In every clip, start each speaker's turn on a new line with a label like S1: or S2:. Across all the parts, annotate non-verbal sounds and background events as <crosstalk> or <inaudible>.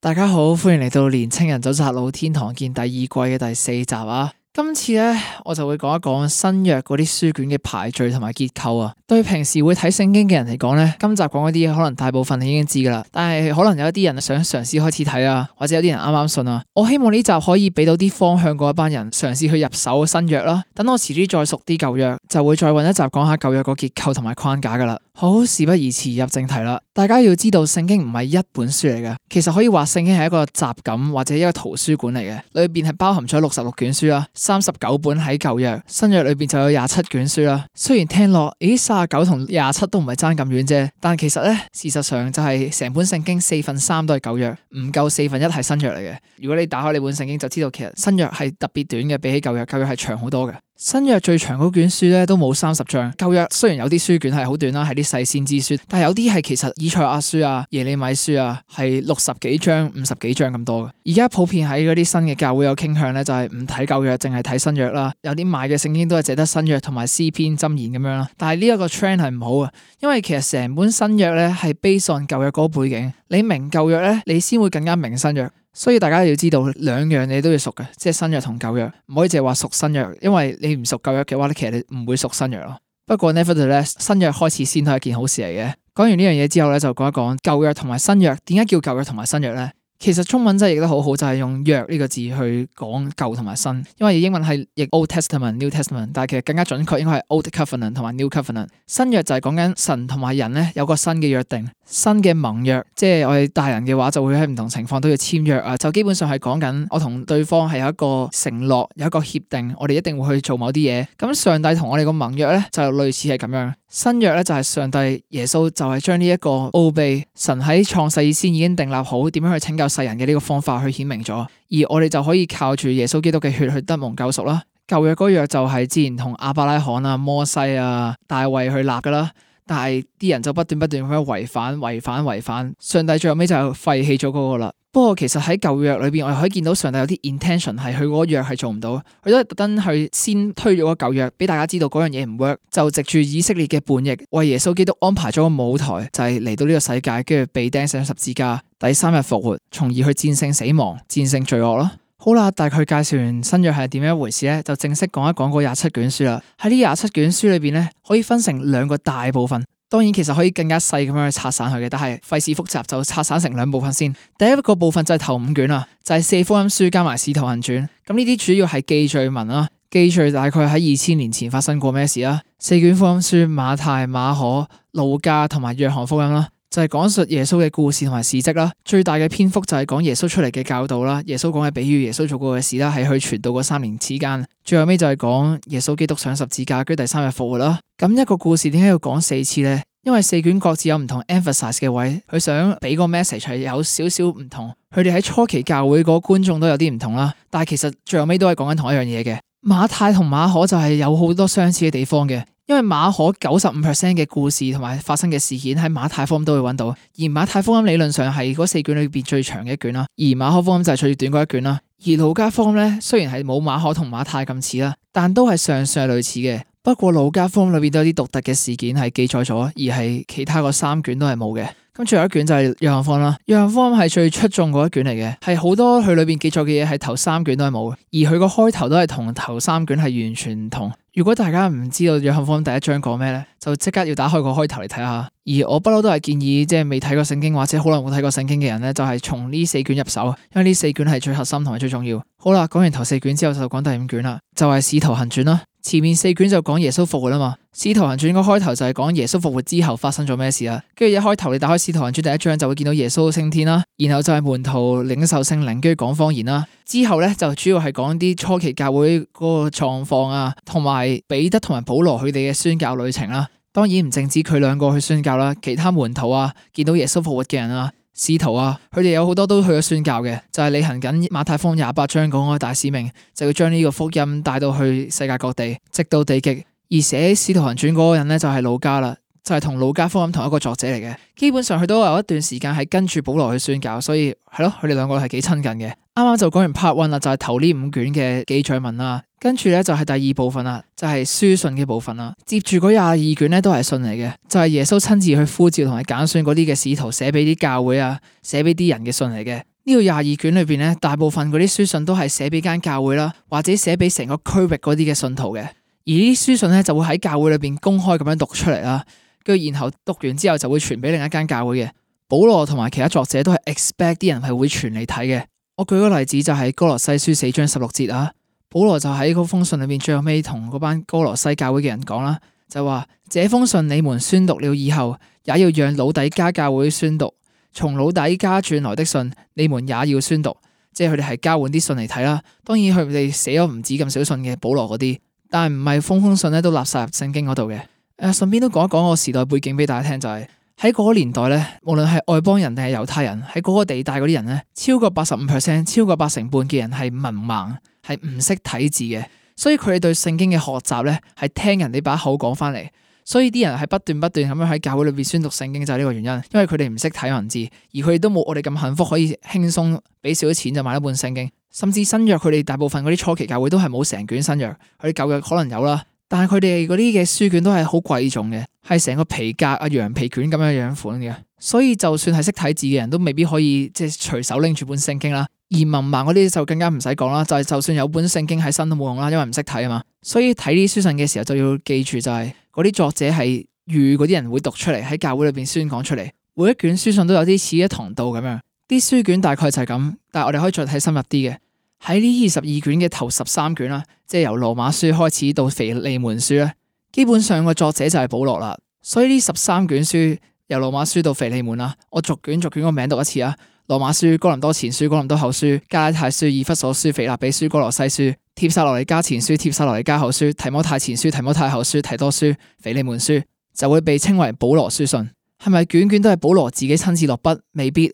S1: 大家好，歡迎嚟到《年青人走窄路天堂見》第二季嘅第四集啊！今次呢，我就會講一講新約嗰啲書卷嘅排序同埋結構啊。對平時會睇聖經嘅人嚟講呢，今集講嗰啲嘢，可能大部分你已經知㗎喇。但係可能有一啲人想嘗試開始睇啊，或者有啲人啱啱信啊。我希望呢集可以俾到啲方向，嗰一班人嘗試去入手新約啦。等我遲啲再熟啲舊約，就會再搵一集講一下舊約個結構同埋框架㗎喇。好，oh，事不宜遲，入正題啦。大家要知道，聖經唔係一本書嚟嘅，其實可以話聖經係一個集錦或者一個圖書館嚟嘅，裏邊係包含咗六十六卷書啦，三十九本喺舊約，新約裏邊就有廿七卷書啦。雖然聽落，咦、哎，三十九同廿七都唔係差咁遠啫，但其實咧，事實上就係成本聖經四分三都係舊約，唔夠四分一係新約嚟嘅。如果你打開你本聖經，就知道其實新約係特別短嘅，比起舊約，舊約係長好多嘅。新約最長嗰卷書咧都冇三十章，舊約雖然有啲書卷係好短啦，係啲細先之書，但係有啲係其實以賽亞書啊、耶利米書啊，係六十幾章、五十幾章咁多嘅。而家普遍喺嗰啲新嘅教會有傾向咧，就係唔睇舊約，淨係睇新約啦。有啲買嘅聖經都係借得新約同埋詩篇、箴言咁樣啦。但係呢一個 trend 係唔好啊，因為其實成本新約咧係 based on 舊約嗰個背景，你明舊約咧，你先會更加明新約。所以大家要知道兩樣你都要熟嘅，即係新約同舊約，唔可以淨係話熟新約，因為你唔熟舊約嘅話咧，其實你唔會熟新約咯。不過 nevertheless 咧，新約開始先都係件好事嚟嘅。講完呢樣嘢之後咧，就講一講舊約同埋新約，點解叫舊約同埋新約咧？其實中文真係譯得好好，就係、是、用約呢、這個字去講舊同埋新，因為英文係譯 Old Testament、New Testament，但係其實更加準確應該係 Old Covenant 同埋 New Covenant。新約就係講緊神同埋人咧有個新嘅約定、新嘅盟約，即係我哋大人嘅話就會喺唔同情況都要簽約啊，就基本上係講緊我同對方係有一個承諾、有一個協定，我哋一定會去做某啲嘢。咁上帝同我哋個盟約咧就類似係咁樣，新約咧就係上帝耶穌就係將呢、這、一個奧秘，神喺創世以前已經訂立好，點樣去拯救。世人嘅呢個方法去顯明咗，而我哋就可以靠住耶穌基督嘅血去得蒙救贖啦。舊約嗰個約就係之前同亞伯拉罕啊、摩西啊、大衛去立噶啦，但係啲人就不斷不斷咁樣違反、違反、違反，上帝最後尾就廢棄咗嗰個啦。不過其實喺舊約裏邊，我哋可以見到上帝有啲 intention 係佢嗰個約係做唔到，佢都特登去先推咗嗰舊約俾大家知道嗰樣嘢唔 work，就藉住以色列嘅叛逆，為耶穌基督安排咗個舞台，就係嚟到呢個世界，跟住被釘上十字架。第三日復活，從而去戰勝死亡、戰勝罪惡咯。好啦，大概介紹完新約係點樣一回事咧，就正式講一講嗰廿七卷書啦。喺呢廿七卷書裏邊咧，可以分成兩個大部分。當然，其實可以更加細咁樣去拆散佢嘅，但係費事複雜，就拆散成兩部分先。第一個部分就係頭五卷啦，就係四福音書加埋使徒行傳。咁呢啲主要係記敘文啦，記敘大概喺二千年前發生過咩事啦。四卷福音書：馬太、馬可、路加同埋約翰福音啦。就係講述耶穌嘅故事同埋事跡啦，最大嘅篇幅就係講耶穌出嚟嘅教導啦。耶穌講嘅比喻，耶穌做過嘅事啦，喺佢傳道嗰三年之間，最後尾就係講耶穌基督上十字架，喺第三日復活啦。咁一個故事點解要講四次呢？因為四卷各自有唔同 emphasize 嘅位，佢想俾個 message 係有少少唔同。佢哋喺初期教會嗰個觀眾都有啲唔同啦，但係其實最後尾都係講緊同一樣嘢嘅。馬太同馬可就係有好多相似嘅地方嘅。因為馬可九十五 percent 嘅故事同埋發生嘅事件喺馬太福音都會揾到，而馬太福音理論上係嗰四卷裏邊最長嘅一卷啦，而馬可福音就係最短嗰一卷啦。而老家福音咧，雖然係冇馬可同馬太咁似啦，但都係上上是類似嘅。不過路加福音裏邊都有啲獨特嘅事件係記載咗，而係其他嗰三卷都係冇嘅。咁最後一卷就係約翰福音啦。約翰福音係最出眾嗰一卷嚟嘅，係好多佢裏邊記載嘅嘢係頭三卷都係冇，而佢個開頭都係同頭三卷係完全唔同。如果大家唔知道約翰福音第一章講咩呢，就即刻要打開個開頭嚟睇下。而我不嬲都係建議，即係未睇過聖經或者好耐冇睇過聖經嘅人呢，就係從呢四卷入手，因為呢四卷係最核心同埋最重要。好啦，講完頭四卷之後，就講第五卷啦，就係使徒行傳啦。前面四卷就講耶穌復活啦嘛，使徒行傳個開頭就係講耶穌復活之後發生咗咩事啦，跟住一開頭你打開使徒行傳第一章就會見到耶穌升天啦，然後就係門徒領受聖靈，跟住講方言啦，之後咧就主要係講啲初期教會嗰個狀況啊，同埋彼得同埋保羅佢哋嘅宣教旅程啦，當然唔淨止佢兩個去宣教啦，其他門徒啊，見到耶穌復活嘅人啊。使徒啊，佢哋有好多都去咗宣教嘅，就係、是、履行緊馬太福音廿八章講嘅大使命，就要將呢個福音帶到去世界各地，直到地極。而寫《使徒行傳》嗰個人咧，就係、是、路加啦。就係同路加福音同一個作者嚟嘅，基本上佢都有一段時間係跟住保羅去宣教，所以係咯，佢哋兩個係幾親近嘅。啱啱就講完 part one 啦，就係、是、頭呢五卷嘅記載文啦，跟住咧就係第二部分啦，就係、是、書信嘅部分啦。接住嗰廿二卷咧都係信嚟嘅，就係、是、耶穌親自去呼召同埋揀選嗰啲嘅使徒寫俾啲教會啊，寫俾啲人嘅信嚟嘅。呢、這個廿二卷裏邊咧，大部分嗰啲書信都係寫俾間教會啦，或者寫俾成個區域嗰啲嘅信徒嘅，而呢啲書信咧就會喺教會裏邊公開咁樣讀出嚟啦。跟住然後讀完之後就會傳俾另一間教會嘅，保羅同埋其他作者都係 expect 啲人係會傳嚟睇嘅。我舉個例子就係哥羅西書四章十六節啊，保羅就喺封信裡面，最後尾同嗰班哥羅西教會嘅人講啦，就話：這封信你們宣讀了以後，也要讓老底嘉教會宣讀，從老底嘉轉來的信你們也要宣讀。即係佢哋係交換啲信嚟睇啦。當然佢哋寫咗唔止咁少信嘅，保羅嗰啲，但係唔係封封信咧都立晒入聖經嗰度嘅。誒，順便都講一講個時代背景俾大家聽，就係喺嗰個年代咧，無論係外邦人定係猶太人，喺嗰個地帶嗰啲人咧，超過八十五 percent，超過八成半嘅人係文盲，係唔識睇字嘅，所以佢哋對聖經嘅學習咧係聽人哋把口講翻嚟，所以啲人係不斷不斷咁樣喺教會裏邊宣讀聖經就係呢個原因，因為佢哋唔識睇文字，而佢哋都冇我哋咁幸福可以輕鬆俾少少錢就買一本聖經，甚至新約佢哋大部分嗰啲初期教會都係冇成卷新約，佢哋舊約可能有啦。但係佢哋嗰啲嘅書卷都係好貴重嘅，係成個皮革啊羊皮卷，咁樣樣款嘅，所以就算係識睇字嘅人都未必可以即係隨手拎住本聖經啦。而文盲嗰啲就更加唔使講啦，就係、是，就算有本聖經喺身都冇用啦，因為唔識睇啊嘛。所以睇啲書信嘅時候就要記住、就是，就係嗰啲作者係預嗰啲人會讀出嚟，喺教會裏邊宣講出嚟，每一卷書信都有啲似一堂道咁樣，啲書卷大概就係咁。但係我哋可以再睇深入啲嘅。喺呢二十二卷嘅頭十三卷啦，即係由羅馬書開始到腓利門書咧，基本上個作者就係保羅啦。所以呢十三卷書，由羅馬書到腓利門啦，我逐卷逐卷個名讀一次啊。羅馬書、哥林多前書、哥林多後書、加拉太書、以弗所書、腓立比書、哥羅西書、帖撒羅尼加前書、帖撒羅尼加後書、提摩太前書、提摩太後書、提多書、腓利門書，就會被稱為保羅書信。係咪卷卷都係保羅自己親自落筆？未必，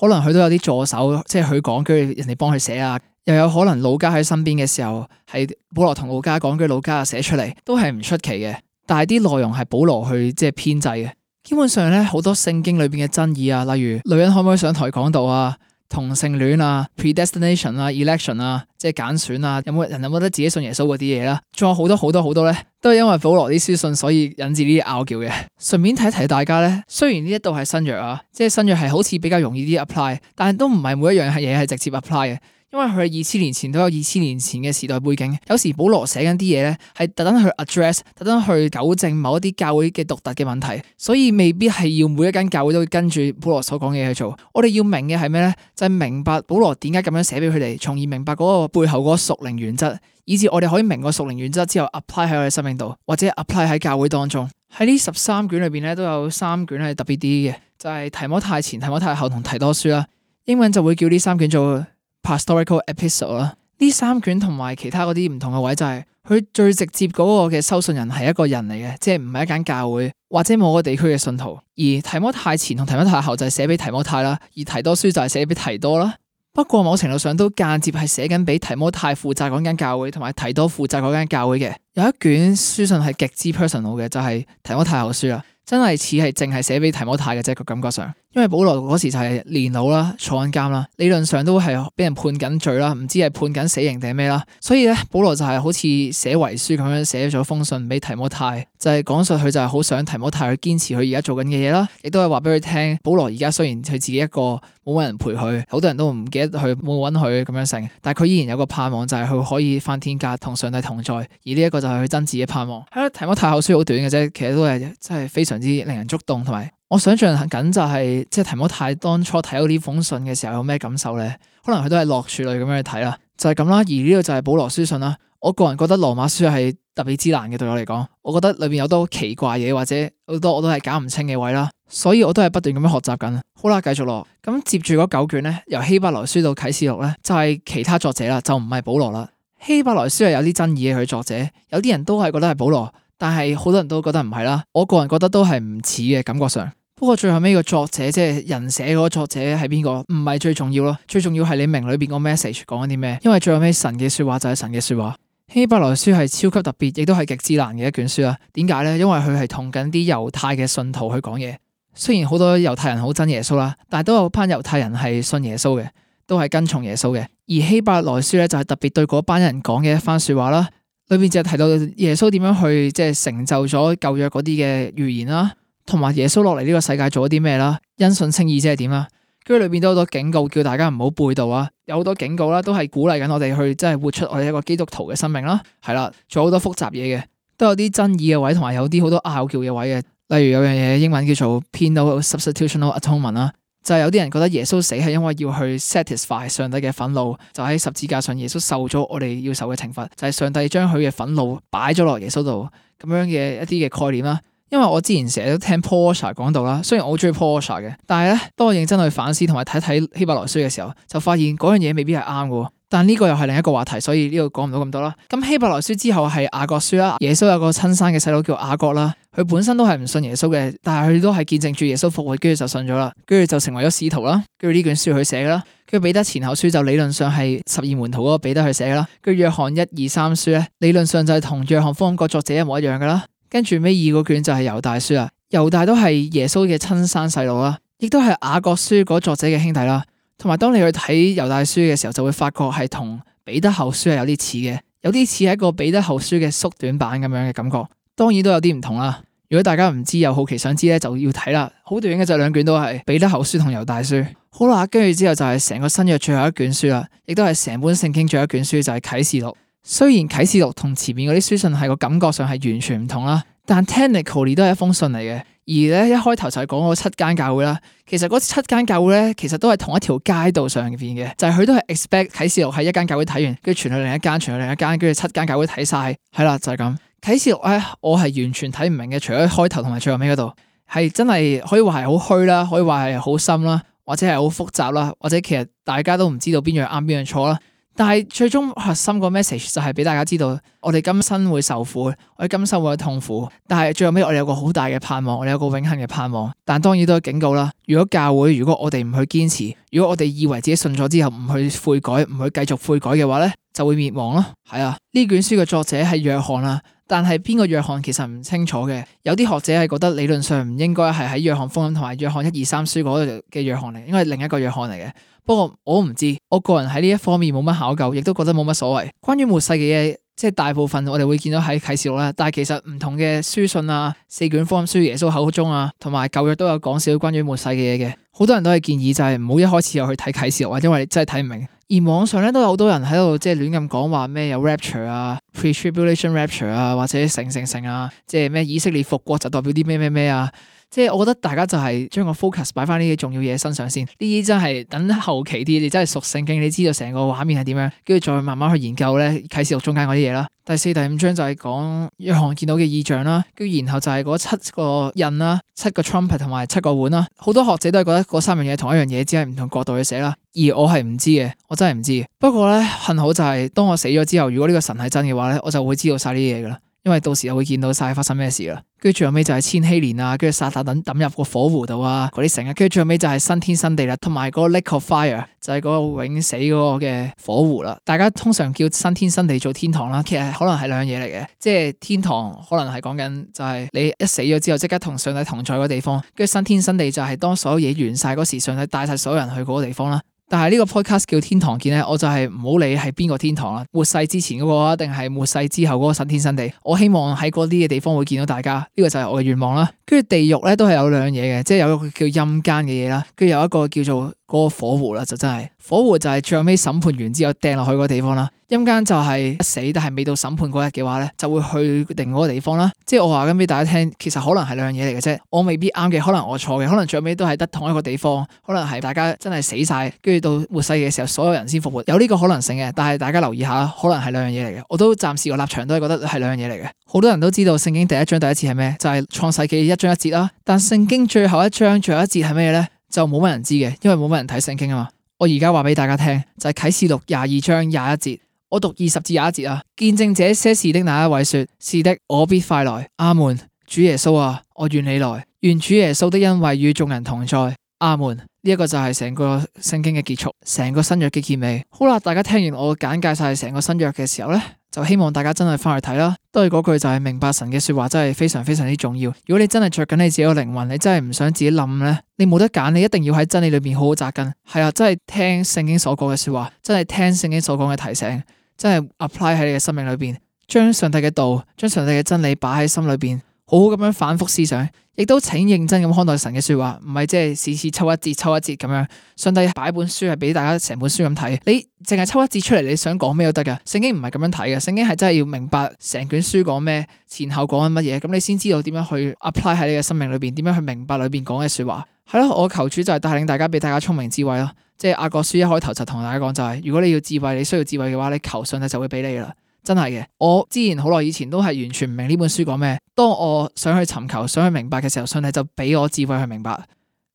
S1: 可能佢都有啲助手，即係佢講，跟人哋幫佢寫啊。又有可能老家喺身邊嘅時候，係保羅同老家講句，老家啊寫出嚟都係唔出奇嘅。但係啲內容係保羅去即係編製嘅。基本上咧，好多聖經裏邊嘅爭議啊，例如女人可唔可以上台講道啊，同性戀啊，predestination 啊，election 啊。即係揀選啊，有冇人有冇得自己信耶穌嗰啲嘢啦？仲有好多好多好多咧，都係因為保羅啲書信，所以引致呢啲拗撬嘅。順 <laughs> 便提提大家咧，雖然呢一度係新約啊，即係新約係好似比較容易啲 apply，但係都唔係每一樣嘢係直接 apply 嘅，因為佢係二千年前都有二千年前嘅時代背景。有時保羅寫緊啲嘢咧，係特登去 address，特登去糾正某一啲教會嘅獨特嘅問題，所以未必係要每一間教會都會跟住保羅所講嘅嘢去做。我哋要明嘅係咩咧？就係、是、明白保羅點解咁樣寫俾佢哋，從而明白嗰、那個。背後嗰個屬靈原則，以至我哋可以明個屬靈原則之後 apply 喺我哋生命度，或者 apply 喺教會當中。喺呢十三卷裏邊咧，都有三卷係特別啲嘅，就係提摩太前、提摩太後同提多書啦。英文就會叫呢三卷做 pastoral epistle 啦。呢三卷同埋其他嗰啲唔同嘅位就係，佢最直接嗰個嘅收信人係一個人嚟嘅，即係唔係一間教會或者某個地區嘅信徒。而提摩太前同提摩太後就係寫俾提摩太啦，而提多書就係寫俾提多啦。不過某程度上都間接係寫緊俾提摩太負責嗰間教會同埋提多負責嗰間教會嘅，有一卷書信係極之 personal 嘅，就係提摩太後書啦，真係似係淨係寫俾提摩太嘅啫，個感覺上。因為保羅嗰時就係年老啦，坐緊監啦，理論上都係俾人判緊罪啦，唔知係判緊死刑定係咩啦，所以咧保羅就係好似寫遺書咁樣寫咗封信俾提摩太，就係、是、講述佢就係好想提摩太去堅持佢而家做緊嘅嘢啦，亦都係話俾佢聽保羅而家雖然佢自己一個冇乜人陪佢，好多人都唔記得佢冇搵佢咁樣成，但佢依然有個盼望就係佢可以返天家同上帝同在，而呢一個就係佢真摯嘅盼望。係咯，提摩太後書好短嘅啫，其實都係真係非常之令人觸動同埋。我想象緊就係即係提摩太當初睇到呢封信嘅時候有咩感受呢？可能佢都係落樹類咁樣去睇啦，就係咁啦。而呢個就係保羅書信啦。我個人覺得羅馬書係特別之難嘅，對我嚟講，我覺得裏面有好多奇怪嘢，或者好多我都係搞唔清嘅位啦。所以我都係不斷咁樣學習緊。好啦，繼續囉。咁接住嗰九卷呢，由希伯來書到啟示錄呢，就係其他作者啦，就唔係保羅啦。希伯來書係有啲爭議嘅，佢作者，有啲人都係覺得係保羅，但係好多人都覺得唔係啦。我個人覺得都係唔似嘅，感覺上。不過最後尾個作者即係人寫嗰個作者係邊個唔係最重要咯，最重要係你明裏邊個 message 講緊啲咩，因為最後尾神嘅說話就係神嘅說話。希伯來書係超級特別，亦都係極之難嘅一卷書啦。點解咧？因為佢係同緊啲猶太嘅信徒去講嘢，雖然好多猶太人好憎耶穌啦，但係都有班猶太人係信耶穌嘅，都係跟從耶穌嘅。而希伯來書咧就係特別對嗰班人講嘅一番說話啦。裏邊就提到耶穌點樣去即係成就咗舊約嗰啲嘅預言啦。同埋耶穌落嚟呢個世界做咗啲咩啦？因信稱義即係點啦？跟住裏邊都有好多警告，叫大家唔好背道啊！有好多警告啦，都係鼓勵緊我哋去，即係活出我哋一個基督徒嘅生命啦。係、嗯、啦，做好多複雜嘢嘅，都有啲爭議嘅位，同埋有啲好多拗撬嘅位嘅。例如有樣嘢英文叫做「penal substitutional atonement” 啦，就係有啲人覺得耶穌死係因為要去 satisfy 上帝嘅憤怒，就喺十字架上耶穌受咗我哋要受嘅懲罰，就係上帝將佢嘅憤怒擺咗落耶穌度咁樣嘅一啲嘅概念啦。因為我之前成日都聽 Porsche 講到啦，雖然我好中意 Porsche 嘅，但係咧，當我認真去反思同埋睇睇希伯來書嘅時候，就發現嗰樣嘢未必係啱嘅。但呢個又係另一個話題，所以呢度講唔到咁多啦。咁希伯來書之後係雅各書啦，耶穌有個親生嘅細佬叫雅各啦，佢本身都係唔信耶穌嘅，但係佢都係見證住耶穌復活，跟住就信咗啦，跟住就成為咗使徒啦。跟住呢卷書佢寫嘅啦。跟住彼得前後書就理論上係十二門徒嗰個彼得佢寫啦。跟住約翰一二三書咧，理論上就係同約翰福音作者一模一樣嘅啦。跟住尾二個卷就係猶大書啦，猶大都係耶穌嘅親生細佬啦，亦都係雅各書嗰作者嘅兄弟啦。同埋當你去睇猶大書嘅時候，就會發覺係同彼得後書係有啲似嘅，有啲似係一個彼得後書嘅縮短版咁樣嘅感覺。當然都有啲唔同啦。如果大家唔知又好奇想知咧，就要睇啦。好短嘅就兩卷都係彼得後書同猶大書。好啦，跟住之後就係成個新約最後一卷書啦，亦都係成本聖經最後一卷書就係啟示錄。雖然啟示錄同前面嗰啲書信係個感覺上係完全唔同啦，但 technically 都係一封信嚟嘅，而咧一開頭就係講嗰七間教會啦。其實嗰七間教會咧，其實都係同一條街道上邊嘅，就係、是、佢都係 expect 啟示錄喺一間教會睇完，跟住傳去另一間，傳去另一間，跟住七間教會睇晒，係啦就係、是、咁。啟示錄咧，我係完全睇唔明嘅，除咗開頭同埋最後尾嗰度，係真係可以話係好虛啦，可以話係好深啦，或者係好複雜啦，或者其實大家都唔知道邊樣啱邊樣錯啦。但係最終核心個 message 就係俾大家知道，我哋今生會受苦，我哋今生會有痛苦。但係最後尾，我哋有個好大嘅盼望，我哋有個永恒嘅盼望。但係當然都有警告啦。如果教會，如果我哋唔去堅持，如果我哋以為自己信咗之後唔去悔改，唔去繼續悔改嘅話咧，就會滅亡咯。係啊，呢卷書嘅作者係約翰啊，但係邊個約翰其實唔清楚嘅。有啲學者係覺得理論上唔應該係喺約翰福音同埋約翰一二三書嗰度嘅約翰嚟，應該係另一個約翰嚟嘅。不過我唔知，我個人喺呢一方面冇乜考究，亦都覺得冇乜所謂。關於末世嘅嘢，即係大部分我哋會見到喺啟示錄啦。但係其實唔同嘅書信啊，四卷福音書耶穌口中啊，同埋舊約都有講少少關於末世嘅嘢嘅。好多人都係建議就係唔好一開始又去睇啟示錄，因為真係睇唔明。而網上咧都有好多人喺度即係亂咁講話咩有 rapture 啊，pretribulation rapture 啊，或者成成成成啊，即係咩以色列復國就代表啲咩咩咩啊。即係我覺得大家就係將個 focus 擺翻呢啲重要嘢身上先，呢啲真係等後期啲，你真係熟聖經，你知道成個畫面係點樣，跟住再慢慢去研究咧，啟示錄中間嗰啲嘢啦。第四、第五章就係講約翰見到嘅異象啦，跟住然後就係嗰七個印啦、七個 trumpet 同埋七個碗啦。好多學者都係覺得嗰三樣嘢同一樣嘢，只係唔同角度去寫啦。而我係唔知嘅，我真係唔知。不過咧，幸好就係、是、當我死咗之後，如果呢個神係真嘅話咧，我就會知道晒呢啲嘢噶啦。因為到時我會見到晒發生咩事啦，跟住最後尾就係千禧年啊，跟住撒旦等抌入個火湖度啊，嗰啲成啊，跟住最後尾就係新天新地啦，同埋嗰個 Lake of Fire 就係嗰個永死嗰個嘅火湖啦。大家通常叫新天新地做天堂啦，其實可能係兩樣嘢嚟嘅，即係天堂可能係講緊就係你一死咗之後即刻同上帝同在個地方，跟住新天新地就係當所有嘢完晒嗰時，上帝帶晒所有人去嗰個地方啦。但係呢個 podcast 叫天堂見咧，我就係唔好理係邊個天堂啦，末世之前嗰個啊，定係末世之後嗰個新天新地，我希望喺嗰啲嘅地方會見到大家，呢個就係我嘅願望啦。跟住地獄咧都係有兩樣嘢嘅，即係有一個叫陰間嘅嘢啦，跟住有一個叫做。嗰個火湖啦，就真係火湖就係最後尾審判完之後掟落去嗰個地方啦。陰間就係一死，但係未到審判嗰日嘅話咧，就會去另外個地方啦。即係我話緊俾大家聽，其實可能係兩樣嘢嚟嘅啫。我未必啱嘅，可能我錯嘅，可能最尾都係得同一個地方，可能係大家真係死晒。跟住到末世嘅時候，所有人先復活，有呢個可能性嘅。但係大家留意下，可能係兩樣嘢嚟嘅。我都暫時個立場都係覺得係兩樣嘢嚟嘅。好多人都知道聖經第一章第一節係咩，就係、是、創世記一章一節啦。但聖經最後一章最後一節係咩咧？就冇乜人知嘅，因為冇乜人睇聖經啊嘛。我而家話俾大家聽就係啟示錄廿二章廿一節，我讀二十至廿一節啊。見證這些事的那一位說：是的，我必快來。阿門。主耶穌啊，我願你來，願主耶穌的恩惠與眾人同在。阿門。一個就係成個聖經嘅結束，成個新約嘅結尾。好啦，大家聽完我簡介晒成個新約嘅時候咧，就希望大家真係翻去睇啦。都係嗰句，就係明白神嘅說話真係非常非常之重要。如果你真係着緊你自己嘅靈魂，你真係唔想自己冧咧，你冇得揀，你一定要喺真理裏邊好好紮根。係啊，真係聽聖經所講嘅說話，真係聽聖經所講嘅提醒，真係 apply 喺你嘅生命裏邊，將上帝嘅道、將上帝嘅真理擺喺心裏邊。好好咁樣反覆思想，亦都請認真咁看待神嘅說話，唔係即係次次抽一節抽一節咁樣。上帝擺本書係俾大家成本書咁睇，你淨係抽一節出嚟，你想講咩都得㗎。聖經唔係咁樣睇㗎，聖經係真係要明白成卷書講咩，前後講緊乜嘢，咁你先知道點樣去 apply 喺你嘅生命裏邊，點樣去明白裏邊講嘅說話。係咯、啊，我求主就係帶領大家俾大家聰明智慧咯。即係阿國書一開頭就同大家講就係、是，如果你要智慧，你需要智慧嘅話，你求上帝就會俾你啦。真係嘅，我之前好耐以前都係完全唔明呢本書講咩。當我想去尋求、想去明白嘅時候，上帝就俾我智慧去明白。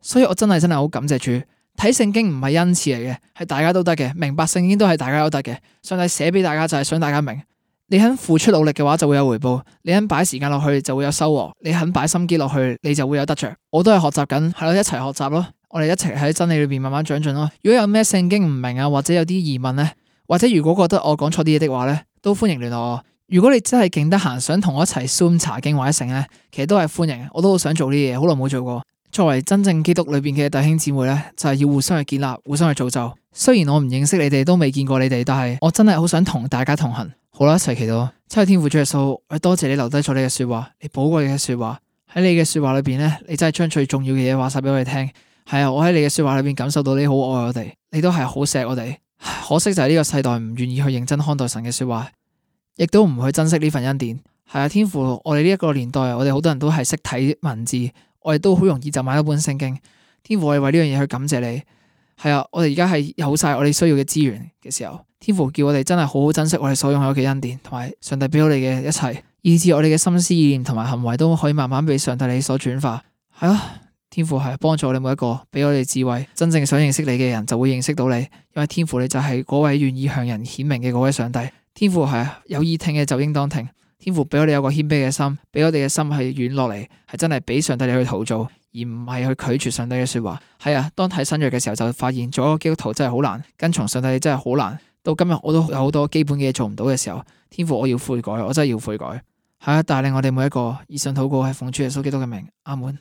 S1: 所以我真係真係好感謝主。睇聖經唔係恩賜嚟嘅，係大家都得嘅。明白聖經都係大家都得嘅。上帝寫俾大家就係想大家明。你肯付出努力嘅話就會有回報，你肯擺時間落去就會有收穫，你肯擺心機落去你就會有得着。我都係學習緊，係咯，一齊學習咯。我哋一齊喺真理裏面慢慢長進咯。如果有咩聖經唔明啊，或者有啲疑問呢，或者如果覺得我講錯啲嘢的話呢。都歡迎聯絡我。如果你真係勁得閒，想同我一齊 zoom 查經或者成呢，其實都係歡迎。我都好想做呢啲嘢，好耐冇做過。作為真正基督裏面嘅弟兄姊妹呢，就係、是，要互相去建立，互相去造就。雖然我唔認識你哋，都未見過你哋，但係我真係好想同大家同行。好啦，一齊祈禱。七天父耶穌，我多謝你留低咗你嘅說話，你寶貴嘅說話。喺你嘅說話裏面呢，你真係將最重要嘅嘢話晒俾我哋聽。係啊，我喺你嘅說話裏面感受到你好愛我哋，你都係好錫我哋。可惜就係呢個世代唔願意去認真看待神嘅說話，亦都唔去珍惜呢份恩典。係啊，天父，我哋呢一個年代，我哋好多人都係識睇文字，我哋都好容易就買到一本聖經。天父，我哋為呢樣嘢去感謝你。係啊，我哋而家係有晒我哋需要嘅資源嘅時候，天父叫我哋真係好好珍惜我哋所擁有嘅恩典，同埋上帝俾我哋嘅一切，以致我哋嘅心思意念同埋行為都可以慢慢被上帝你所轉化。係啊。天父係幫助你每一個，俾我哋智慧，真正想認識你嘅人就會認識到你，因為天父，你就係嗰位願意向人顯明嘅嗰位上帝。天父係有耳聽嘅就應當聽，天父俾我哋有個謙卑嘅心，俾我哋嘅心係軟落嚟，係真係俾上帝你去陶造，而唔係去拒絕上帝嘅說話。係啊，當睇新約嘅時候就發現，做一個基督徒真係好難，跟從上帝你真係好難。到今日我都有好多基本嘅嘢做唔到嘅時候，天父我要悔改，我真係要悔改。係啊，帶領我哋每一個，以上禱告喺奉主耶穌基督嘅名，阿門。